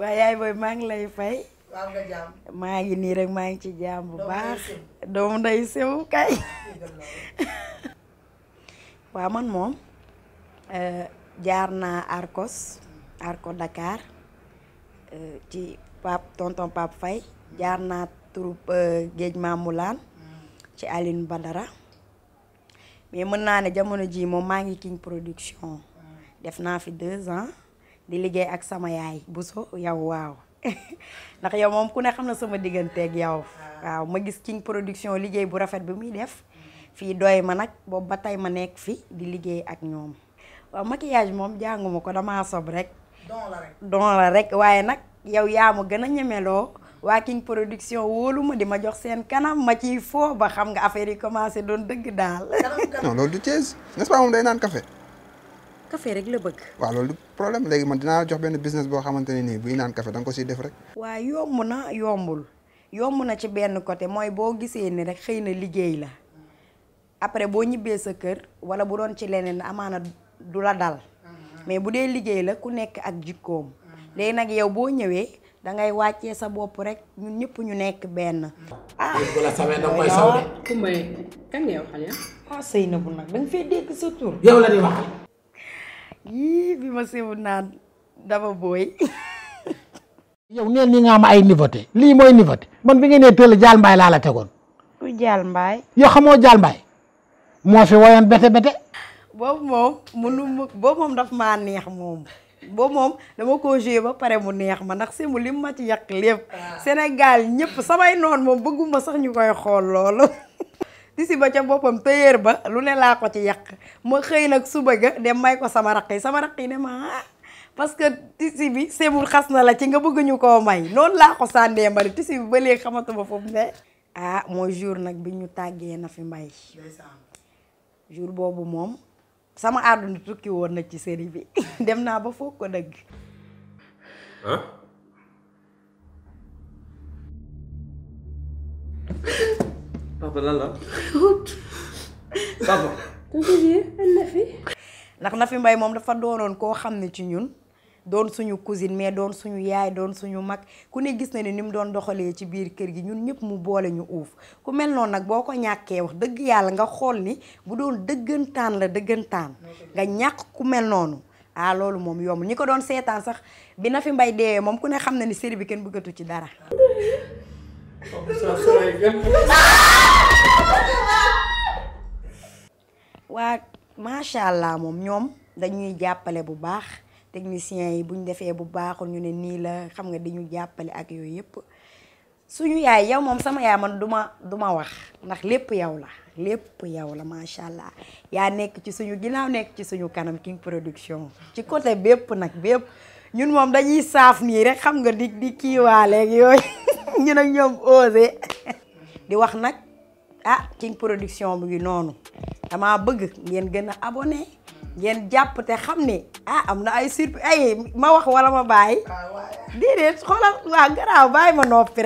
waaw yaay booy maa ngi lay fay. maa ngi nii rek maa ngi ci jaam bu baax. doomu nday sew kay. waaw man moom euh, jaar naa Arcos Arco Dakar euh, ci pap tonton Pape Faye jaar naa troupe euh, géej Mamoulaan ci Aline Badara mais mën naa ne jamono ji moom maa ngi King Production mm. def naa fi deux ans. di liggéey ak sama yaay Bousso yow waaw ndax yow moom ku ne xam na sama digganteeg yow waaw ma gis King Production liggéey bu rafet bi muy def fii doy ma nag boobu ba tey ma nekk fii di liggéey ak ñoom waaw maquillage moom jànguma ko damaa sob rek don la rek waaye nag yow yaa ma gën a ñemeloo waa King Production wóolu ma di ma jox seen kanam ma ciy foo ba xam nga affaire yi commencé doon dëgg daal non loolu du Thiès n'est-ce moom day naan café café rek la bëgg. waaw loolu problème léegi man dinaa jox benn business boo xamante ne nii buy naan café da ko siy def rek. waaw yomb na yombul yomb na ci benn côté mooy boo gisee ni rek xëy na liggéey la après boo ñibbee sa kër wala bu doon ci leneen amaana du la dal mais bu dee liggéey la ku nekk ak jikkoom léegi nag yow boo ñëwee da ngay wàccee sa bopp rek ñun ñëpp ñu nekk benn. ah Kumba kan nga ah, nag da fee dégg sa tur. yii bi ma siiw naan dafa booy. yow neen ni nga am ay niveauté lii mooy niveauté man bi ngeen nee tëll jaal mbaay laa la tegoon. ku jaal mbaay. yoo xamoo jaal mbaay moo fi woyoon bete bete. boobu moom munu boobu moom daf maa neex moom. boobu moom dama ko joué ba pare mu neex ma ndax si mu lim ma ci yàq lépp. Ah. Sénégal ñëpp samay noon moom ma sax ñu koy xool loolu. di si ba ca boppam tëyeer ba lu ne laa ko ci yàq ma xëy nag suba ga dem may ko sama raq sama raq yi ne ma ah, parce que tisi bi semul xas na la ci nga bëgg ñu koo may noonu laa ko ma mbali tisi bi ba léegi xamatuma foofu ne ah mooy jour nag bi ñu tàggee na fi mbay jour boobu moom sama àdduna tukki woon na ci série bi dem naa ba foog ko dëgg ah papa lan ndax Nafi mbay moom dafa doonoon koo xam ne ci ñun doon suñu cousine mais doon suñu yaay doon suñu mag ku ne gis na ni ni mu doon doxalee ci biir kër gi ñun ñëpp mu boole ñu uuf ku mel noonu nag boo ko ñàkkee wax dëgg yàlla nga xool ni bu doon dëggantaan la dëggantaan nga ñàkk ku mel noonu ah loolu moom yomb ñi ko doon seetaan sax bi na fi mbay deewee moom ku ne xam na ni série bi kenn buggatu ci dara. waa macha allah moom ñoom dañuy jàppale bu baax techniciens yi buñ defee bu baaxul ñu ne nii la xam nga di ñu jàppale ak yooyu yëpp suñu yaay yow moom sama yaay man duma duma wax ndax lépp yow la lépp yow la macha allah yaa nekk ci suñu ginnaaw nekk ci suñu kanam King Production ci côté bépp nag bépp ñun moom dañuy saaf nii rek xam nga di di kiiwaaleeg yooyu ñu nag ñoom osé di wax nag ah King Production mu ngi noonu damaa bëgg ngeen gën a abonné ngeen jàpp te xam ne ah am na ay surprise ay ma wax wala ma bàyyi ah, déedéet xoolal waa garaaw bàyyi ma noppi